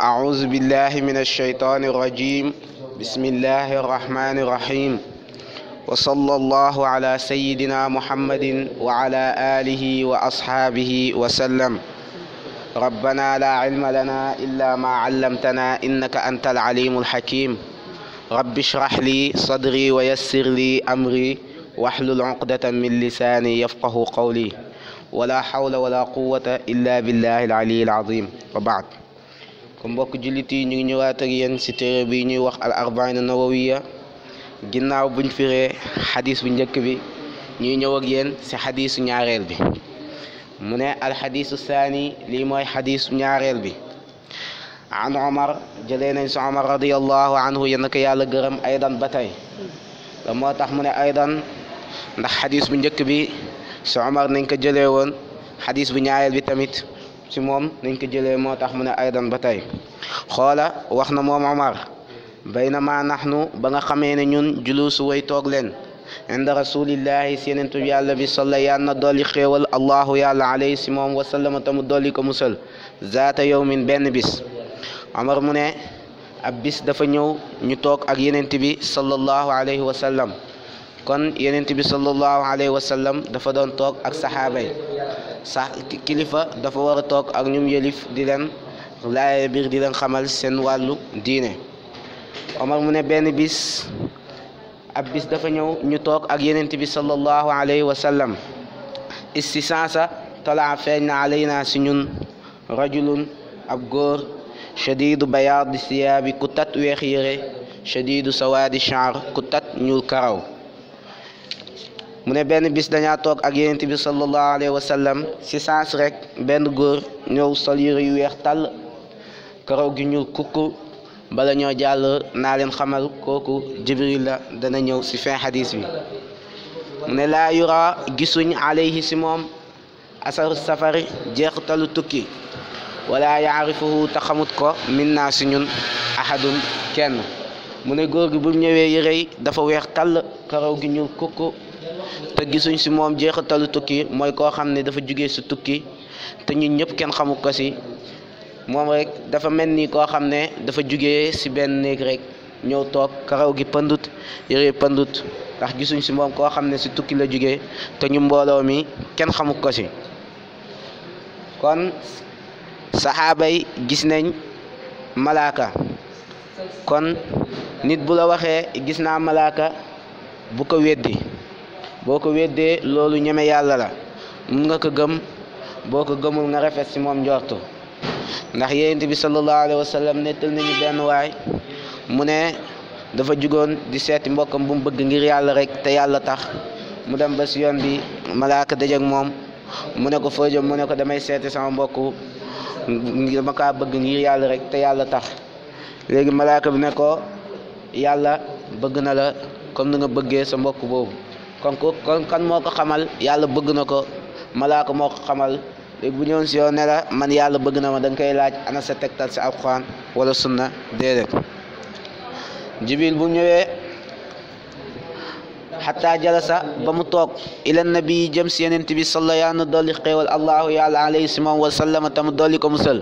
أعوذ بالله من الشيطان الرجيم بسم الله الرحمن الرحيم وصلى الله على سيدنا محمد وعلى آله وأصحابه وسلم ربنا لا علم لنا إلا ما علمتنا إنك أنت العليم الحكيم رب اشرح لي صدري ويسر لي أمري واحلل عقدة من لساني يفقه قولي ولا حول ولا قوة إلا بالله العلي العظيم وبعد ko mbokk jullit yi ñu ngi ñëwaat ak yéen ci téere bi ñuy wax al arbaina nawawiya ginnaaw buñ firee xadiis bu njëkk bi ñuy ñëw ak yéen ci xadisu ñaareel bi mu ne al xadisu saani lii mooy xadisu ñaareel bi an omar jëlee nañ ci omar radiallahu anhu yàlla gërëm aydan ba tey la tax mu ne aydan ndax xadis bu njëkk bi ci omar nañ ko jëlee xadis bu ñaareel bi tamit si moom nañ ko jëlee moo tax mu ne aydan ba tey xoola wax na moom Omar baynama nahnu ba nga xamee ne ñun juluusu way toog leen inda rasulillahi si yenentu yàlla bi salla yàlla na dolli xéewal allahu yàlla si moom wasallama tamu dolli ko mu musal zaata yawmin benn bis amar mu ne ab bis dafa ñëw ñu toog ak yenent bi sallallahu alayhi wa kon yenent bi sallallahu alayhi wa dafa doon toog ak saxaaba yi kilifa dafa war a toog ak ñum yëlif di leen laaye biir di leen xamal seen wàllu diine Omar mu ne benn bis ab bis dafa ñëw ñu toog ak yenent bi sallallahu alayhi wa sallam istisansa talaa feeñ na alayna si ñun rajulun ab góor shadidu bayaadi siyaabi ku tat weex yére shadidu sawaadi shaar ku tat ñuul karaw mu ne benn bis dañaa toog ak yonent bi sallallahu alayhi wa sallam si saas rek benn góor ñëw sol yére yu weex tàll karaw gi ñuul kukku bala ñoo jàll naa leen xamal kooku jibril la dana ñëw si fin xadis bi mu ne laa yura gisuñ alayhi si moom asaru safari jeextalu tukki wala yaarifuhu te xamut ko min si ñun ahadun kenn mu ne góor gi bu ñëwee yére yi dafa weex tàll karaw gi ñuul kukku te gisuñ si moom jeexitalu tukki mooy koo xam ne dafa jóge si tukki te ñun ñëpp kenn xamu ko si moom rek dafa mel ni koo xam ne dafa jóge si benn néeg rek ñëw toog karaw gi pëndut yëre pëndut ndax gisuñ si moom koo xam ne si tukki la jóge te ñu mbooloo mi kenn xamu ko si kon saxaaba yi gis nañ malaaka kon nit bu la waxee gis naa malaaka bu ko weddi boo ko weddee loolu ñeme yàlla la mun nga ko gëm boo ko gëmul nga rafet ci moom njortu ndax yonent bi sallallahu alayhi ne sallam nettal nañu benn waay mu ne dafa jugoon di seeti mbokkam bu mu bëgg ngir yàlla rek te yàlla tax mu dem ba ci yoon bi malaaka dajeek moom mu ne ko foo mu ne ko damay seeti sama mbokk dama kaa bëgg ngir yàlla rek te yàlla tax léegi malaaka bi ne ko yàlla bëgg na la comme ni nga bëggee sa mbokk boobu kon ku kon kan moo ko xamal yàlla bëgg na ko malaaka moo ko xamal léegi bu ñëwoon si yow ne la man yàlla bëgg na ma da nga koy laaj ana sa tegtal si alquran wala sunna déedéet jibril bu ñëwee xataa jalasa ba mu toog ila nabi jëm si yenent bi salla yaa na dolli xéewal allahu yàlla alayhi si moom wa sallama tam dolli ko musal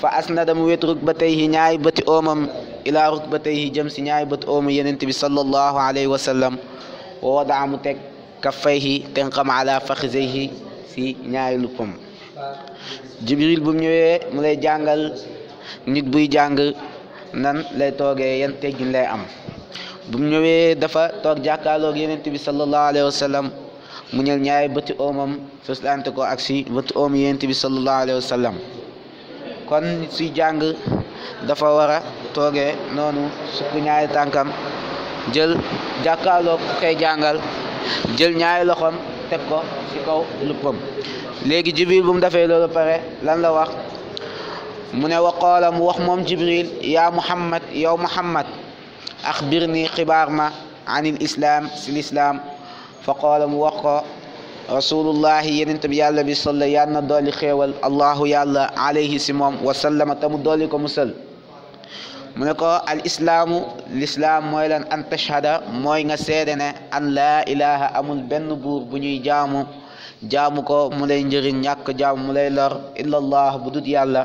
fa asnada mu wet rukbatayhi ñaari bëti oomam ilaa rukbatayhi jëm si ñaari bëti oomu yenent bi sallallahu alayhi wa sallam wa wadaa mu teg kaffayhi tenqam ala faxisayhi si ñaari luppam jibril bu ñëwee mu lay jàngal nit buy jàng nan lay toogee yan teggin lay am bu ñëwee dafa toog jàkkaarloog yenent bi sallallahu alayhi wa mu ñël ñaari bëti oomam soslante ko ak si bëti oom yenent bi sallallahu alayhi wa sallam kon suy jàng dafa war a toogee noonu sukk ñaari tànkam jël jàkkaarloog koy jàngal jël ñaari loxoom teg ko ci kaw luppam léegi jibril bu mu defee loolu pare lan la wax mu ne wa qaala mu wax moom jibril yaa muhammad yow muhammad axbir ni xibaar ma an il islaam si lislaam fa qaala mu wax ko rasulullahi yenent bi yàlla bi salla yal na dooli xéewal allahu yàlla alayhi si moom wasallama tamu dooli ko musal mu ne ko al islaamu l'islaam mooy lan an tashhada mooy nga seede ne an laa ilaha amul benn buur bu ñuy jaamu jaamu ko mu lay njëriñ ñàkk jaamu mu lay lor illallah bu dut yàlla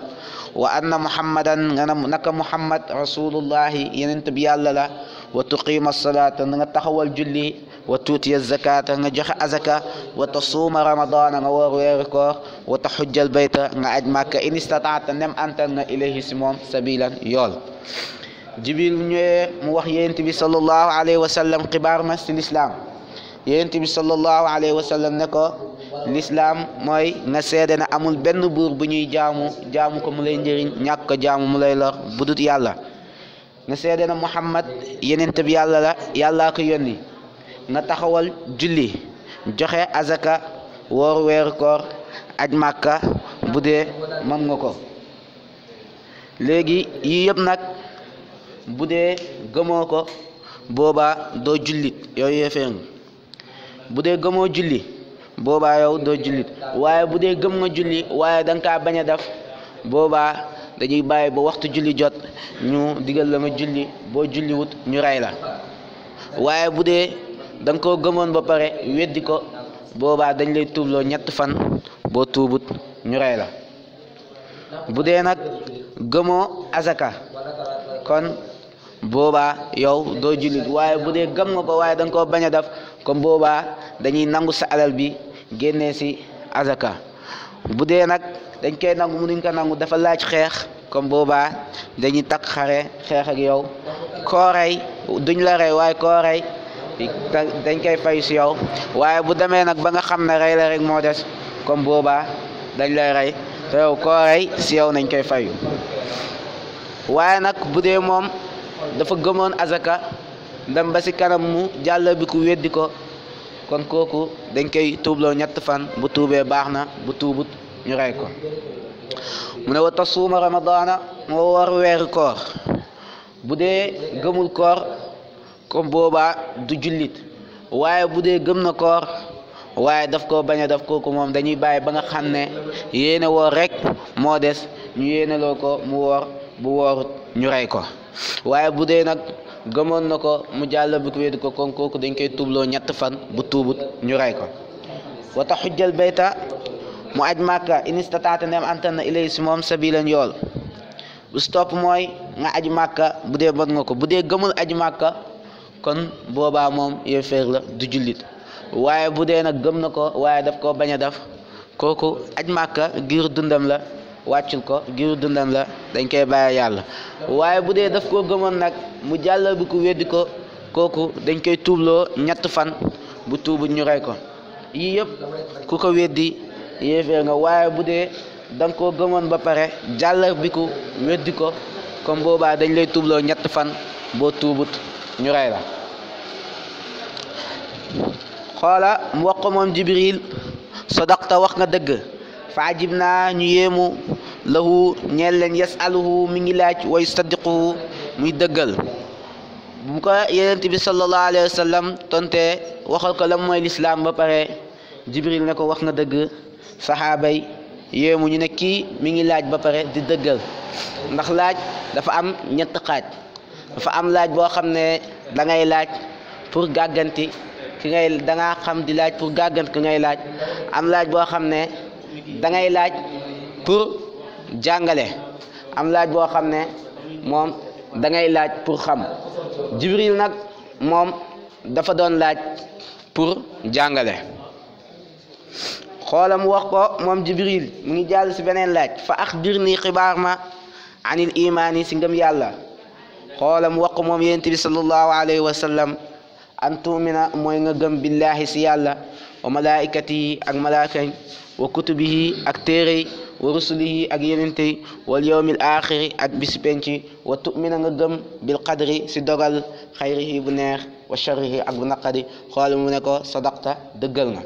wa anna muhammadan nga naka muhammad rasulullahi yenent bi yàlla la wa tuqiima salaata nga taxawal julli wa tuutiya zakata nga joxe azaka wa tasuuma ramadana nga woor weeru koor wa taxujjal bayta nga aj màkka in istataata nem antan nga ilayhi si moom sabilan yool jibril bu ñëwee mu wax yonent bi sallallahu alayhi wa sallam xibaar ma si lislaam yonent bi sallallahu alayhi wa sallam ne ko lislaam mooy nga seede ne amul benn buur bu ñuy jaamu jaamu ko mu lay njëriñ ñàkk ko jaamu mu lay lor budut yàlla nga seede ne muhammad yonent bi yàlla la yàllaa ko yónni na taxawal julli joxe azaka woor weeru koor aj màkka bu dee mën nga ko léegi yii yëpp nag bu dee gëmoo ko booba doo jullit yooyu yéeféer nga bu dee gëmoo julli boobaa yow doo jullit waaye bu dee gëm nga julli waaye danga kaa bañ a def booba dañuy bàyyi ba waxtu julli jot ñu digal la nga julli boo julliwut ñu rey la waaye bu dee danga ko gëmoon ba pare weddi ko boobaa dañ lay tuubloo ñett fan boo tuubut ñu rey la bu dee nag gëmoo asaka kon booba yow doo jullit waaye bu dee gëm nga ko waaye danga nga koo bañ a def kon boobaa dañuy nangu sa alal bi génnee si asaka bu dee nag dañ koy nangu mënuñ ko nangu dafa laaj xeex comme boobaa dañuy takk xare xeex ak yow koo rey duñ la rey waaye koo rey dañ koy fay si yow waaye bu demee nag ba nga xam ne rey la rek moo des comme booba dañ lay rey te yow koo rey si yow nañ koy fayu waaye nag bu dee moom dafa gëmoon azaka dem ba ci kanam mu jàll bi ku weddi ko kon kooku dañ koy tuubloo ñett fan bu tuubee baax na bu tuubut ñu rey ko mu ne wa tasuuma ramadaana moo war weeru koor bu dee gëmul koor comme boobaa du jullit waaye bu dee gëm na koor waaye daf ko bañ a daf kooku moom dañuy bàyyi ba nga xam ne yéene woor rek moo des ñu yéene loo ko mu woor bu woorut ñu rey ko waaye bu dee nag gëmoon na ko mu jàll bu ko wéedu ko kon kooku dañ koy tuubloo ñett fan bu tuubut ñu rey ko wata xujjal bayta mu aj màkka in istataata ndem antan na ilay si moom sabilan yool stop mooy nga aj màkka bu dee mën nga ko bu dee gëmul aj màkka kon boobaa moom yéeféer la du jullit waaye bu dee nag gëm na ko waaye daf ko bañ a def kooku aj màkka giir dundam la wàccul ko giir dundam la dañ koy bàyyi yàlla waaye bu dee daf ko gëmoon nag mu jàllal bi ku weddi ko kooku dañ koy tuubloo ñett fan bu tuubu ñu rey ko yii yëpp ku ko weddi yéeféer nga waaye bu dee da ko koo gëmoon ba pare jàllar bi ku weddi ko comme boobaa dañ lay tuubloo ñett fan boo tuubut ñu rey la xoola mu wax ko moom jibril sadaqta wax nga dëgg fa ajib naa ñu yéemu lahu ñeel leen yasaluhu mi ngi laaj wa yustadiquhu muy dëggal bu ko yonent bi sallallahu alayhi wa tonte waxal ko lan mooy lislaam ba pare jibril ne ko wax nga dëgg saxaabay yéemu ñu ne kii mi ngi laaj ba pare di dëggal ndax laaj dafa am ñett xaaj dafa am laaj boo xam ne da ngay laaj pour gàgganti ki ngay xam di laaj pour gàggant ngay laaj am laaj boo xam ne da ngay laaj pour jàngale am laaj boo xam ne moom da ngay laaj pour xam jibril nag moom dafa doon laaj pour jàngale xoolam wax ko moom jibril mu ngi jàll si beneen laaj fa axbir nii xibaar ma anil imaani si ngëm yàlla xoola mu wax moom yonent bi sallallahu alayhi wa sallam an tuumina mooy nga gëm billaahi si yàlla wa malaikatihi ak malaakañ wa kutubihi ak téere wa rusulihi ak yonente yi wal yawmil axiri ak bisi penc wa tumina nga gëm bil qadri si dogal xayrihi bu neex wa sharrihi ak bu naqari xoola mu ne ko sadaqta dëggal nga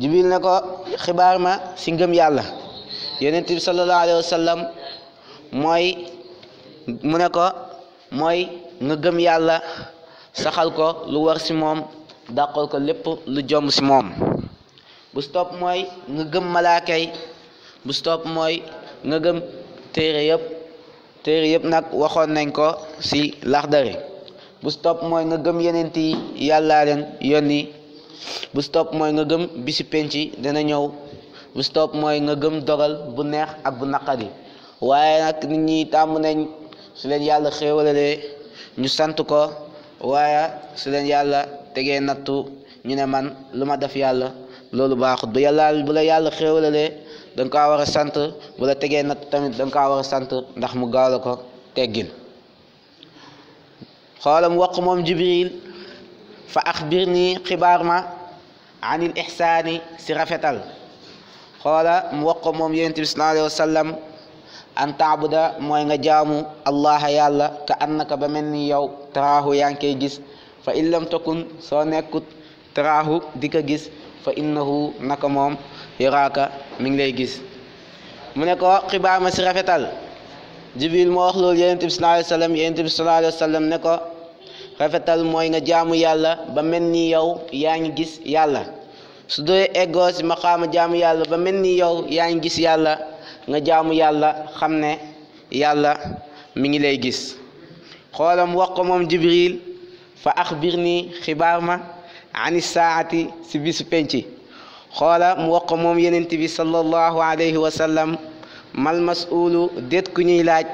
jibril ne ko xibaar ma si ngëm yàlla yonent bi sallallahu alayhi wa sallam mooy mu ne ko mooy nga gëm yàlla saxal ko lu war ci moom dàqal ko lépp lu jomb ci moom bu stop mooy nga gëm malaakey bu stop mooy nga gëm téere yëpp téere yëpp nag waxoon nañ ko ci laxdari bu stop mooy nga gëm yenent yi yàllaa leen yónni bu stop mooy nga gëm bisi penc dana ñëw bu stop mooy nga gëm dogal bu neex ak bu naqari waaye nag nit ñi tàmm nañ su leen yàlla xéewalalee ñu sant ko waaye su leen yàlla tegee nattu ñu ne man lu ma def yàlla loolu baaxut bu yàlla bu la yàlla xéewalalee danga kaa war a sant bu la tegee nattu tamit danga kaa war a sant ndax mu gaala la ko teggin xoolam wax moom jibril fa axbir xibaar ma anil ixsaani si rafetal xoola mu wax moom bi sallallahu alayhi wa sallam an taabuda mooy nga jaamu allaha yàlla ka annaka ba mel ni yow taraahu yaa ngi koy gis fa in lam soo nekkut taraahu di ko gis fa innahu naka moom yaraaka mu ngi lay gis mu ne ko xibaama si rafetal jibril moo wax loolu yonent bi sallallahu alayhi wa sallam ne ko rafetal mooy nga jaamu yàlla ba mel ni yow yaa ngi gis yàlla su dee eggoo si maqaama jaamu yàlla ba mel ni yow yaa ngi gis yàlla nga jaamu yàlla xam ne yàlla mu ngi lay gis xoolam wax ko moom jibril fa axbir ni xibaar ma ani saati si bisu penci xoola mu wax ko moom yeneen bi sallallahu alayhi wa sallam mal mas'uulu déet ku ñuy laaj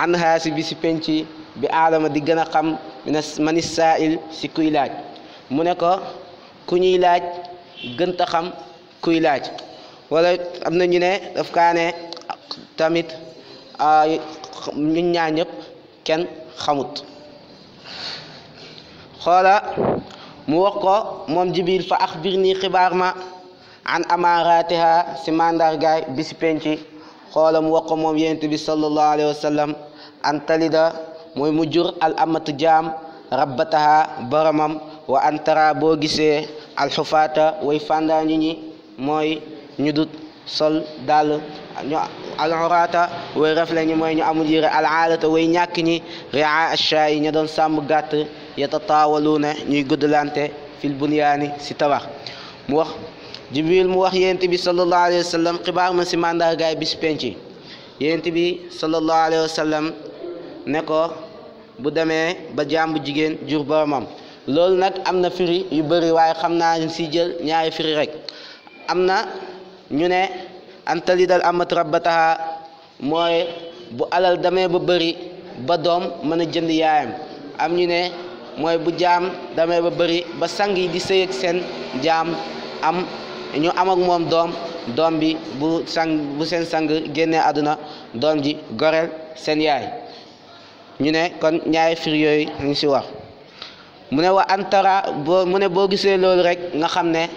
an haa si bisu penci bi aadama di gën a xam mani saail si kuy laaj mu ne ko ku ñuy laaj gënta xam kuy laaj wala am na ñu ne daf tamit ñun ñaar ñëpp kenn xamut xoola mu wax ko moom jibril fa axbir nii xibaar ma an amaaratiha si mandargaay bisi xoola mu wax ko moom yonent bi sallallahu alayhi wa sallam an talida mooy mu jur al amatu jaam rabbataha boromam wa antara boo gisee alxufaata way fàndaa ñi mooy ñu dut sol dàll ñu alxuraata way rafle ñi mooy ñu amul yére alaalata way ñàkk ñi ria asha yi ña doon sàmm gàtt yatataawaluuna ñuy guddalante fil bunyaani si tabax mu wax jibril mu wax yént bi sallallahu alayhi wa sallam ma si màndargaay bis penc yént bi sallallahu alayhi wa sallam bu demee ba jàmbu jigéen jur boromam loolu nag am na firi yu bëri waaye xam naa si jël ñaari firi rek am na ñu ne antali antalidal amat rabbataha mooy bu alal damee ba bari ba doom mën a jënd yaayam am ñu ne mooy bu jaam damee ba bari ba sang yi di sëy seen jaam am ñu am ak moom doom doom bi bu sang bu seen sang génnee àdduna doom ji goreel seen yaay ñu ne kon ñaari fir yooyu lañ si wax mu ne wa antara mu ne boo gisee loolu rek nga xam ne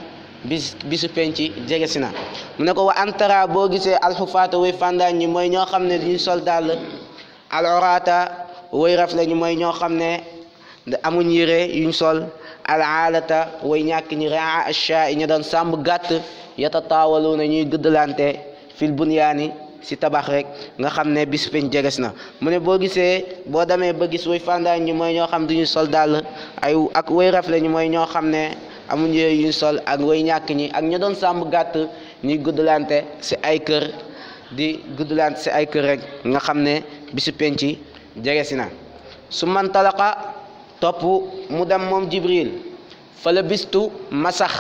bis bisu penc jege si na mu ne ko wa antara boo gisee alxufaata way fàndaan ñi mooy ñoo xam ne duñu sol dàll aloraata way rafle ñi mooy ñoo xam ne amuñ yére yuñ sol alaalata way ñàkk ñi raa asha ñu doon sàmm gàtt yatataawalu na ñuy gëddalante fil bunyaani si tabax rek nga xam ne bis peñ jeges na mu ne boo gisee boo demee ba gis way fàndaan ñi mooy ñoo xam duñu sol dàll ak way rafle ñi mooy ñoo xam ne amuñ yooyu yuñ sol ak way ñàkk ñi ak ña doon sàmm gàtt ñi guddalante si ay kër di guddalante si ay kër rek nga xam ne bisu penc jege si na su man talaqa topp mu dem moom jibril fa la bistu masax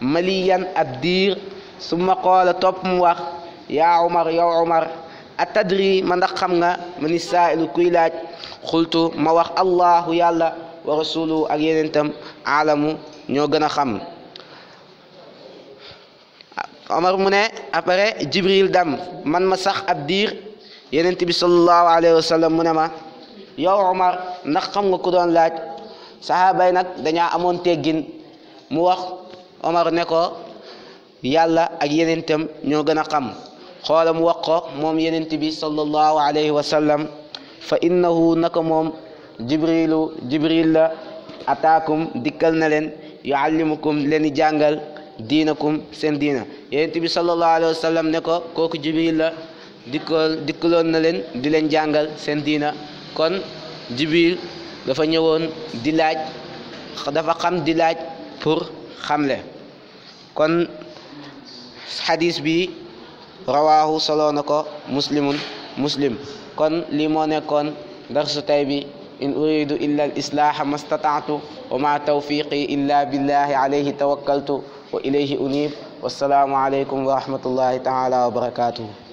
maliyan ab diir su ma xoola topp mu wax yaa umar yow umar atadri ma ndax xam nga mani saailu kuy laaj xultu ma wax allahu yàlla wa rasuluhu ak yeneen tam aalamu ñoo gën a xam Omar mu ne après Jibril dam man ma sax ab diir yenent bi sallallahu alayhi wa sallam mu ne ma yow Omar ndax xam nga ku doon laaj saxaaba yi nag dañaa amoon teggin mu wax Omar ne ko yàlla ak yenentam ñoo gën a xam xoola mu wax ko moom yenent bi sallallahu alayhi wa sallam fa innahu naka moom Jibrilu Jibril la ataakum dikkal na leen yuallimukum leen di jàngal diinakum seen diina yonent bi sallallahu alayhi wa ne ko kooku jibril la dikkool dikkaloon na leen di leen jàngal seen diina kon jibril dafa ñëwoon di laaj dafa xam di laaj pour xamle kon xadis bi rawaahu soloo na ko muslimun muslim kon lii moo nekkoon darsu tay bi in uridu illa al islaaha ma stataatu wa ma tawfiqi illa billahi alayhi tawakkaltu wa ilayhi unib wassalaamu aleykum wa rahmatullahi taala wa barakatuhu